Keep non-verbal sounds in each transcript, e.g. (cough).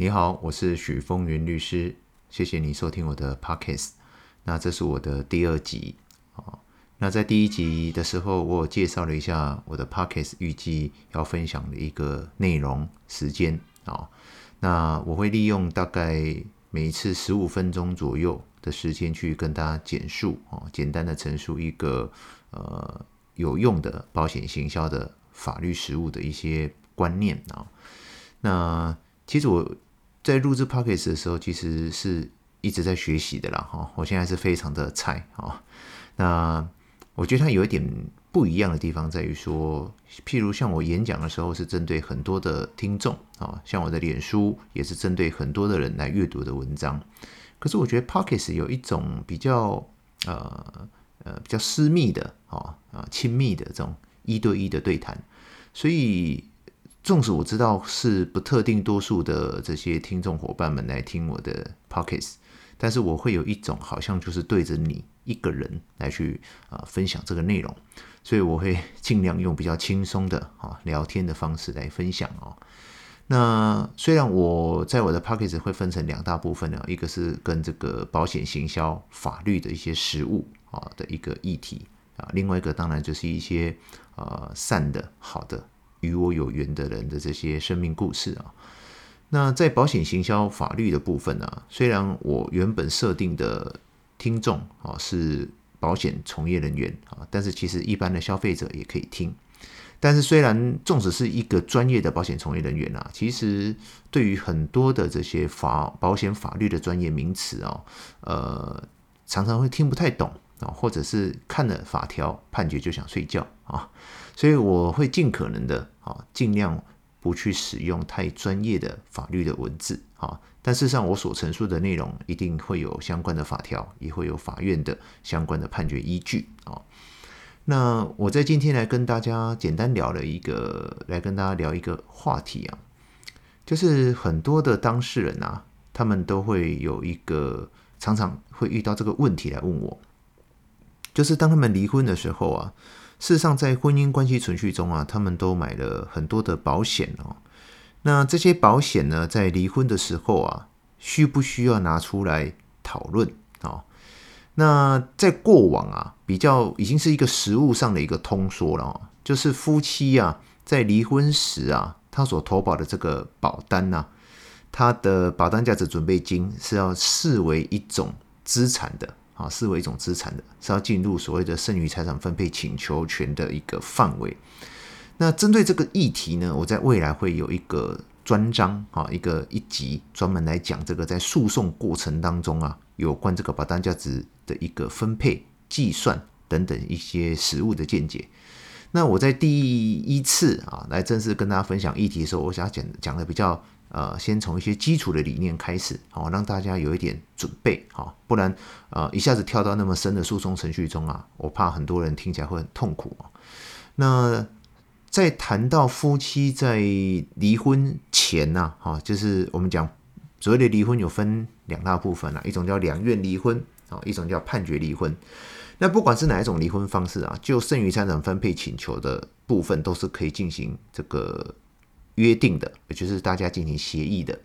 你好，我是許峰源律師，謝謝你收聽我的 Podcast。那這是我的第二集啊。那在第一集的時候，我介紹了一下我的 Podcast 預計要分享的一個內容時間啊。那我會利用大概每一次十五分鐘左右的時間去跟大家簡述啊，簡單的陳述一個呃有用的保險行銷的法律實務的一些觀念啊。那其實我。在錄製 Pockets 的時候，其實是一直在學習的啦哈。我現在是非常的菜哈，那我覺得它有一點不一樣的地方，在於說，譬如像我演講的時候是針對很多的聽眾啊，像我的臉書也是針對很多的人來閱讀的文章。可是我覺得 Pockets 有一種比較呃呃比較私密的啊啊親密的這種一對一的對談，所以。縱使我知道是不特定多數的這些聽眾夥伴們來聽我的 podcast，但是我會有一種好像就是對着你一個人來去啊分享這個內容，所以我會盡量用比較輕鬆的啊聊天的方式來分享哦。那雖然我在我的 podcast 會分成兩大部分呢，一個是跟這個保險行銷法律的一些實務啊的一個議題啊，另外一個當然就是一些呃善的好的。與我有緣的人的這些生命故事啊，那在保險行銷法律的部分呢，啊，雖然我原本設定的聽眾啊是保險從業人員啊，但是其實一般的消費者也可以聽。但是雖然，縱使是一個專業的保險從業人員啊，其實對於很多的這些法、保險法律的專業名詞啊，呃，常常會聽不太懂。啊，或者是看了法條判決就想睡覺啊，所以我會盡可能的啊，盡量不去使用太專業的法律的文字啊。但事實上，我所陳述的內容一定會有相關的法條，也會有法院的相關的判決依據啊。那我在今天來跟大家簡單聊了一個，來跟大家聊一個話題啊，就是很多的當事人吶、啊，他們都會有一個常常會遇到這個問題來問我。就是當他們離婚的時候啊，事實上在婚姻關係存續中啊，他們都買了很多的保險哦。那這些保險呢，在離婚的時候啊，需不需要拿出來討論啊、哦？那在過往啊，比較已經是一個實務上的一個通說了、哦，就是夫妻啊，在離婚時啊，他所投保的這個保單吶、啊，他的保單價值準備金是要視為一種資產的。啊，視為一種資產的，是要進入所謂的剩餘財產分配請求權的一個範圍。那針對這個議題呢，我在未來會有一個專章哈，一個一集專門來講這個在訴訟過程當中啊，有關這個保單價值的一個分配、計算等等一些實務的見解。那我在第一次啊來正式跟大家分享議題的時候，我想講講的比較。呃，先從一些基礎的理念開始，好、哦、讓大家有一點準備，好、哦，不然啊、呃，一下子跳到那麼深的訴訟程序中啊，我怕很多人聽起來會很痛苦啊。那在談到夫妻在離婚前吶、啊、哈、哦，就是我們講所謂的離婚有分兩大部分啊，一種叫兩願離婚，啊，一種叫判決離婚。那不管是哪一種離婚方式啊，就剩餘財產分配請求的部分都是可以進行這個。約定的，也就是大家進行協議的，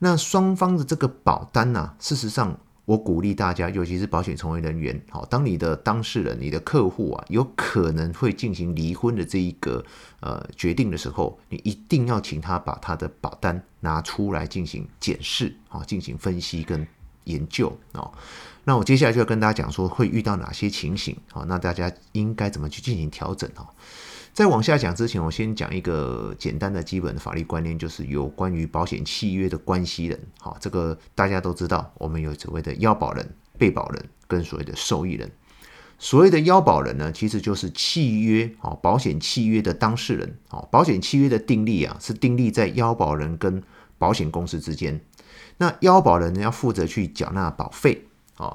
那雙方的這個保單呢、啊，事實上，我鼓勵大家，尤其是保險從業人員，好，當你的當事人、你的客戶啊，有可能會進行離婚的這一個呃決定的時候，你一定要請他把他的保單拿出來進行檢視，啊，進行分析跟研究哦，那我接下來就要跟大家講說，會遇到哪些情形好，那大家應該怎麼去進行調整哦。在往下講之前，我先講一個簡單的基本的法律觀念，就是有關於保險契約的關係人。好，這個大家都知道，我們有所謂的要保人、被保人跟所謂的受益人。所謂的要保人呢，其實就是契約哦，保險契約的當事人。保險契約的訂立啊，是訂立在要保人跟保險公司之間。那要保人呢，要負責去繳納保費。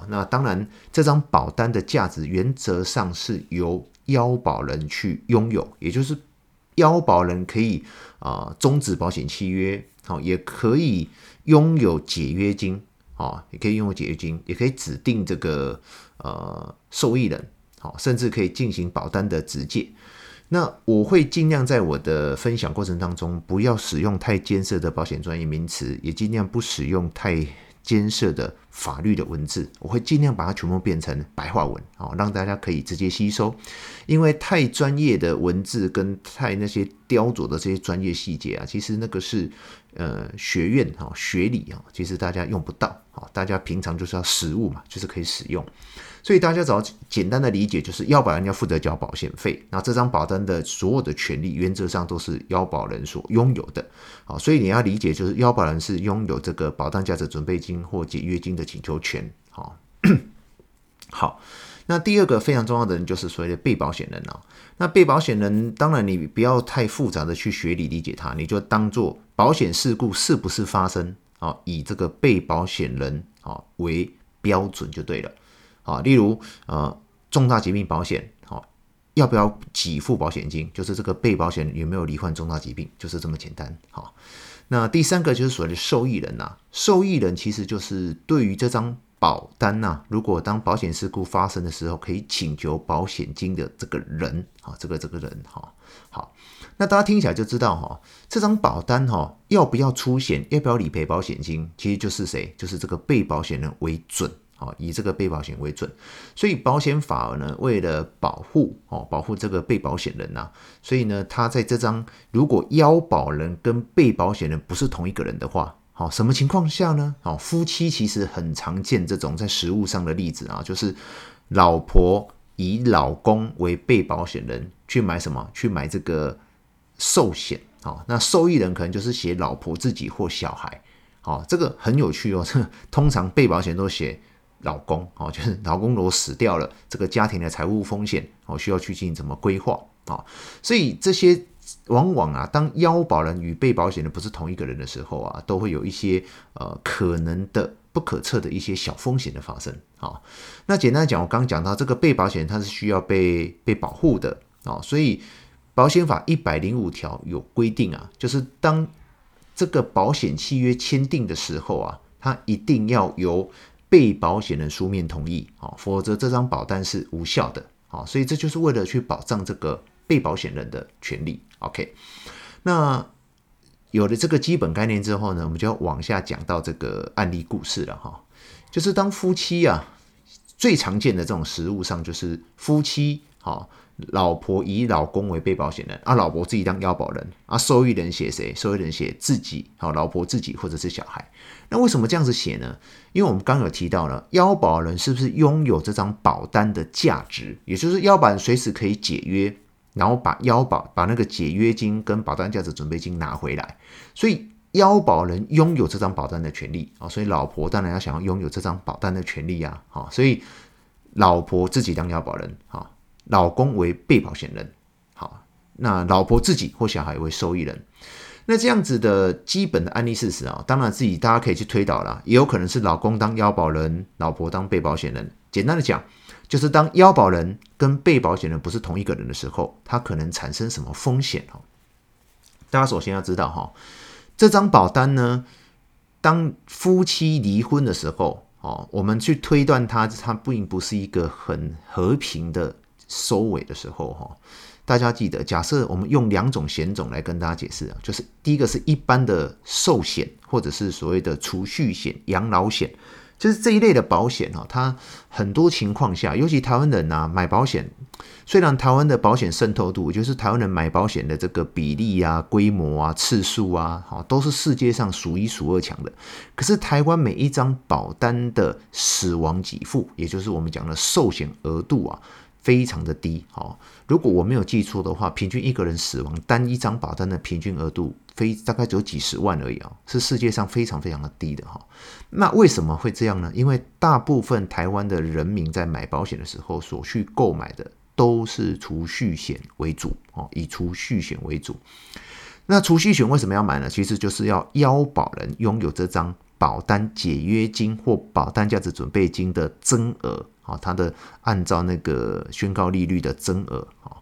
那當然，這張保單的價值原則上是由。要保人去擁有，也就是要保人可以啊終、呃、止保險契約，好、哦、也可以擁有解約金啊、哦，也可以擁有解約金，也可以指定這個呃受益人，好、哦、甚至可以進行保單的質借。那我會盡量在我的分享過程當中，不要使用太艱澀的保險專業名詞，也盡量不使用太。艱澀的法律的文字，我會盡量把它全部變成白話文啊、哦，讓大家可以直接吸收。因為太專業的文字跟太那些雕琢的這些專業細節啊，其實那個是呃學院哈、哦、學理啊、哦，其實大家用不到。大家平常就是要實務嘛，就是可以使用，所以大家只要簡單的理解，就是要保人要負責交保險費，那這張保單的所有的權利原則上都是要保人所擁有的，好，所以你要理解就是要保人是擁有這個保單價值準備金或解約金的請求權，好， (coughs) 好，那第二個非常重要的人就是所謂的被保險人啊，那被保險人當然你不要太複雜的去學理理解他，你就當做保險事故是不是發生。啊，以這個被保險人啊為標準就對了。啊，例如呃重大疾病保險啊，要不要給付保險金，就是這個被保險人有沒有罹患重大疾病，就是這麼簡單。好，那第三個就是所謂的受益人吶、啊，受益人其實就是對於這張保單吶、啊，如果當保險事故發生的時候，可以請求保險金的這個人啊，這個這個人哈好。好。那大家聽起來就知道哈，這張保單哈，要不要出險，要不要理賠保險金，其實就是誰，就是這個被保險人為準，以這個被保險為準。所以保險法呢，為了保護哦，保護這個被保險人吶、啊，所以呢，他在這張如果要保人跟被保險人不是同一個人的話，好，什麼情況下呢？夫妻其實很常見這種在實務上的例子啊，就是老婆以老公為被保險人去買什麼，去買這個。壽險啊，那受益人可能就是寫老婆自己或小孩，哦，這個很有趣哦。通常被保險都寫老公，就是老公如果死掉了，這個家庭的財務風險我需要去進行怎麼規劃啊？所以這些往往啊，當要保人與被保險人不是同一個人的時候啊，都會有一些呃可能的不可測的一些小風險的發生啊。那簡單講，我剛講到這個被保險他是需要被被保護的啊，所以。保險法一百零五條有規定啊，就是當這個保險契約簽訂的時候啊，它一定要由被保險人書面同意啊，否則這張保單是無效的啊，所以這就是為了去保障這個被保險人的權利。OK，那有了這個基本概念之後呢，我們就要往下講到這個案例故事了哈，就是當夫妻啊，最常見的這種實務上就是夫妻啊。老婆以老公為被保險人，而、啊、老婆自己當要保人，啊，受益人寫誰？受益人寫自己，好，老婆自己或者是小孩。那為什麼這樣子寫呢？因為我們剛,剛有提到了，要保人是不是擁有這張保單的價值？也就是要保人隨時可以解約，然後把要保把那個解約金跟保單價值準備金拿回來。所以要保人擁有這張保單的權利啊，所以老婆當然要想要擁有這張保單的權利啊。好，所以老婆自己當要保人，好。老公為被保險人，好，那老婆自己或小孩為受益人。那這樣子的基本的案例事實啊，當然自己大家可以去推導啦，也有可能是老公當要保人，老婆當被保險人。簡單的講，就是當要保人跟被保險人不是同一個人的時候，他可能產生什麼風險哦？大家首先要知道哈，這張保單呢，當夫妻離婚的時候哦，我們去推斷它，它並不是一個很和平的。收尾的時候，哈，大家記得，假設我們用兩種險種來跟大家解釋啊，就是第一個是一般的壽險，或者是所謂的儲蓄險、養老險，就是這一類的保險它很多情況下，尤其台灣人呢、啊、買保險，雖然台灣的保險滲透度，就是台灣人買保險的這個比例啊、規模啊、次數啊，都是世界上數一數二強的，可是台灣每一張保單的死亡給付，也就是我們講的壽險額度啊。非常的低，哦。如果我沒有記錯的話，平均一個人死亡單一張保單的平均額度非大概只有幾十萬而已啊、哦，是世界上非常非常的低的哈、哦。那為什麼會這樣呢？因為大部分台灣的人民在買保險的時候，所需購買的都是儲蓄險為主，哦，以儲蓄險為主。那儲蓄險為什麼要買呢？其實就是要要保人擁有這張保單解約金或保單價值準備金的增額。好，它的按照那個宣告利率的增額啊，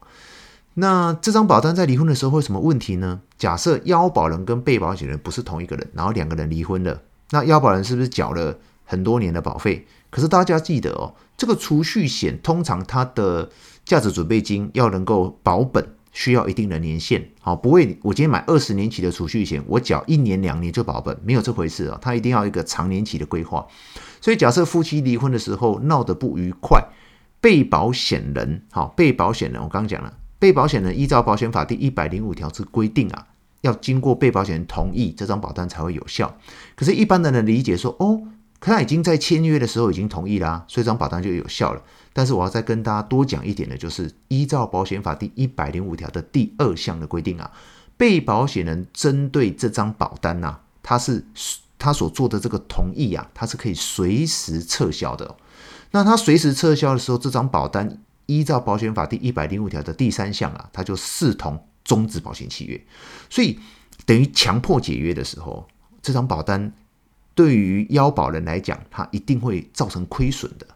那這張保單在離婚的時候會有什麼問題呢？假設要保人跟被保險人不是同一個人，然後兩個人離婚了，那要保人是不是繳了很多年的保費？可是大家記得哦，這個儲蓄險通常它的價值準備金要能夠保本。需要一定的年限，好，不會。我今天買二十年期的儲蓄險，我繳一年兩年就保本，沒有這回事。他一定要一個長年期的規劃。所以，假設夫妻離婚的時候鬧得不愉快，被保險人，好，被保險人，我剛剛講了，被保險人依照保險法第一百零五條之規定啊，要經過被保險人同意，這張保單才會有效。可是，一般的人理解說，哦。可他已經在簽約的時候已經同意了啊，所以這張保單就有效了。但是我要再跟大家多講一點的就是依照保險法第一百零五條的第二項的規定啊，被保險人針對這張保單吶，他是他所做的這個同意啊，他是可以隨時撤銷的哦。那他隨時撤銷的時候，這張保單依照保險法第一百零五條的第三項啊，他就視同終止保險契約，所以等於強迫解約的時候，這張保單。對於要保人來講，他一定會造成虧損的。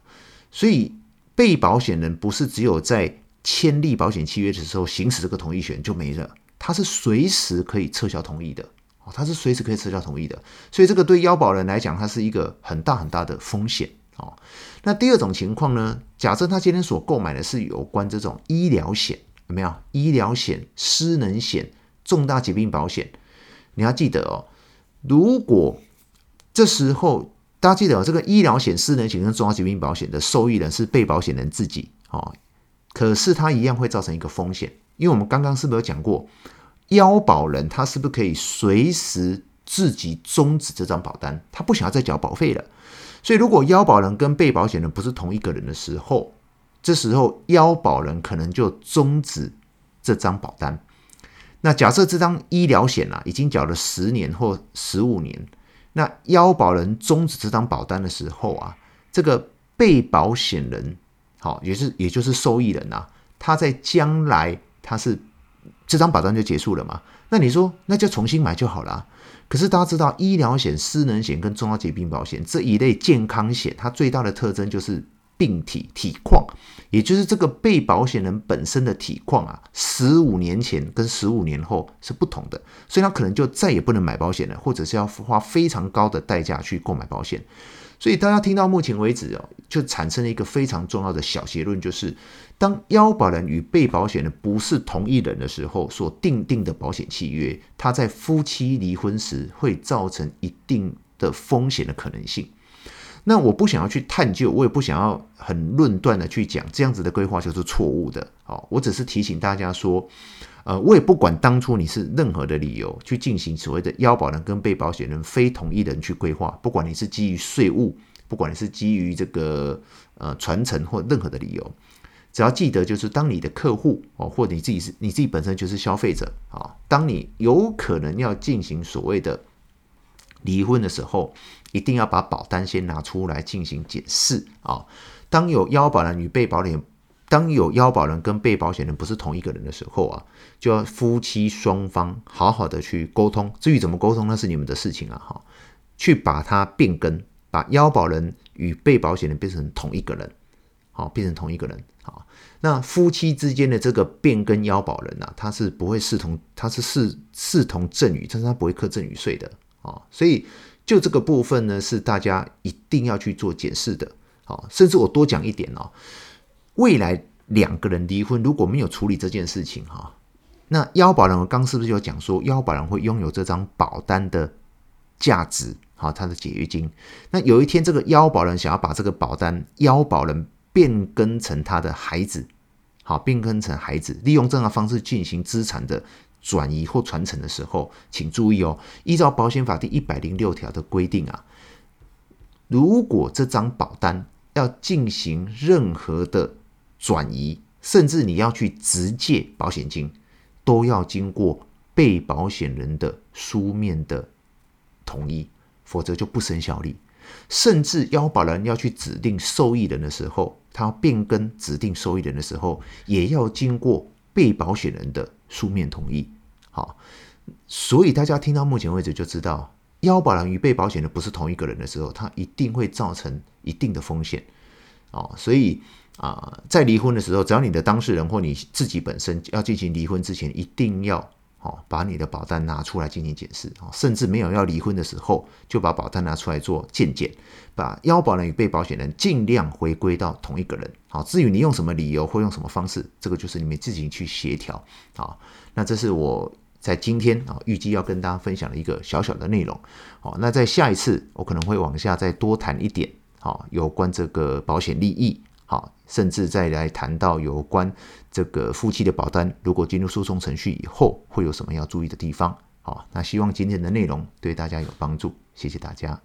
所以被保險人不是只有在簽立保險契約的時候行使這個同意權就沒了，他是隨時可以撤銷同意的。哦，他是隨時可以撤銷同意的。所以這個對要保人來講，它是一個很大很大的風險。那第二種情況呢？假設他今天所購買的是有關這種醫療險，有沒有醫療險、失能險、重大疾病保險？你要記得哦，如果這時候大家記得、哦，這個醫療險、私人險跟重大疾病保險的受益人是被保險人自己啊、哦。可是它一樣會造成一個風險，因為我們剛剛是不是有講過，要保人他是不是可以隨時自己終止這張保單？他不想要再繳保費了。所以如果要保人跟被保險人不是同一個人的時候，這時候要保人可能就終止這張保單。那假設這張醫療險呢、啊，已經繳了十年或十五年。那要保人終止這張保單的時候啊，這個被保險人，好、哦，也、就是也就是受益人呐、啊，他在將來他是這張保單就結束了嘛？那你說那就重新買就好了、啊。可是大家知道，醫療險、失能險跟重大疾病保險這一類健康險，它最大的特徵就是。病體體況，也就是這個被保險人本身的體況啊，十五年前跟十五年後是不同的，所以他可能就再也不能買保險了，或者是要花非常高的代價去購買保險。所以大家聽到目前為止哦，就產生了一個非常重要的小結論，就是當要保人與被保險人不是同一人的時候，所訂定的保險契約，他在夫妻離婚時會造成一定的風險的可能性。那我不想要去探究，我也不想要很論斷的去講，這樣子的規劃就是錯誤的。好，我只是提醒大家說，呃，我也不管當初你是任何的理由去進行所謂的要保人跟被保險人非同一人去規劃，不管你是基於稅務，不管你是基於這個呃傳承或任何的理由，只要記得就是當你的客戶哦，或者你自己是你自己本身就是消費者啊，當你有可能要進行所謂的。離婚的時候，一定要把保單先拿出來進行檢視啊、哦。當有要保人與被保險人，當有要保人跟被保險人不是同一個人的時候啊，就要夫妻雙方好好的去溝通。至於怎麼溝通，那是你們的事情啊。哈、哦。去把它變更，把要保人與被保險人變成同一個人，好、哦，變成同一個人好、哦，那夫妻之間的這個變更要保人啊，他是不會視同，他是視視同贈與，但是他不會扣贈與稅的。啊，所以就這個部分呢，是大家一定要去做解釋的。好，甚至我多講一點哦。未來兩個人離婚如果沒有處理這件事情哈，那要保人我剛是不是就講說，要保人會擁有這張保單的價值？好，他的解約金。那有一天這個要保人想要把這個保單要保人變更成他的孩子，好，變更成孩子，利用這樣的方式進行資產的轉移或傳承的時候，請注意哦。依照保險法第一百零六條的規定啊，如果這張保單要進行任何的轉移，甚至你要去質借保險金，都要經過被保險人的書面的同意，否則就不生效力。甚至要保人要去指定受益人的時候，他要變更指定受益人的時候，也要經過。被保險人的書面同意，好，所以大家聽到目前為止就知道，要保人與被保險人不是同一個人的時候，他一定會造成一定的風險，哦，所以啊、呃，在離婚的時候，只要你的當事人或你自己本身要進行離婚之前，一定要。把你的保單拿出來進行檢視，甚至沒有要離婚的時候，就把保單拿出來做檢視，把要保人與被保險人儘量回歸到同一個人。好，至於你用什麼理由或用什麼方式，這個就是你們自己去協調。那這是我在今天啊預計要跟大家分享的一個小小的內容。那在下一次我可能會往下再多談一點，有關這個保險利益，好，甚至再來談到有關。這個夫妻的保單，如果進入訴訟程序以後，會有什麼要注意的地方？好，那希望今天的內容對大家有幫助，謝謝大家。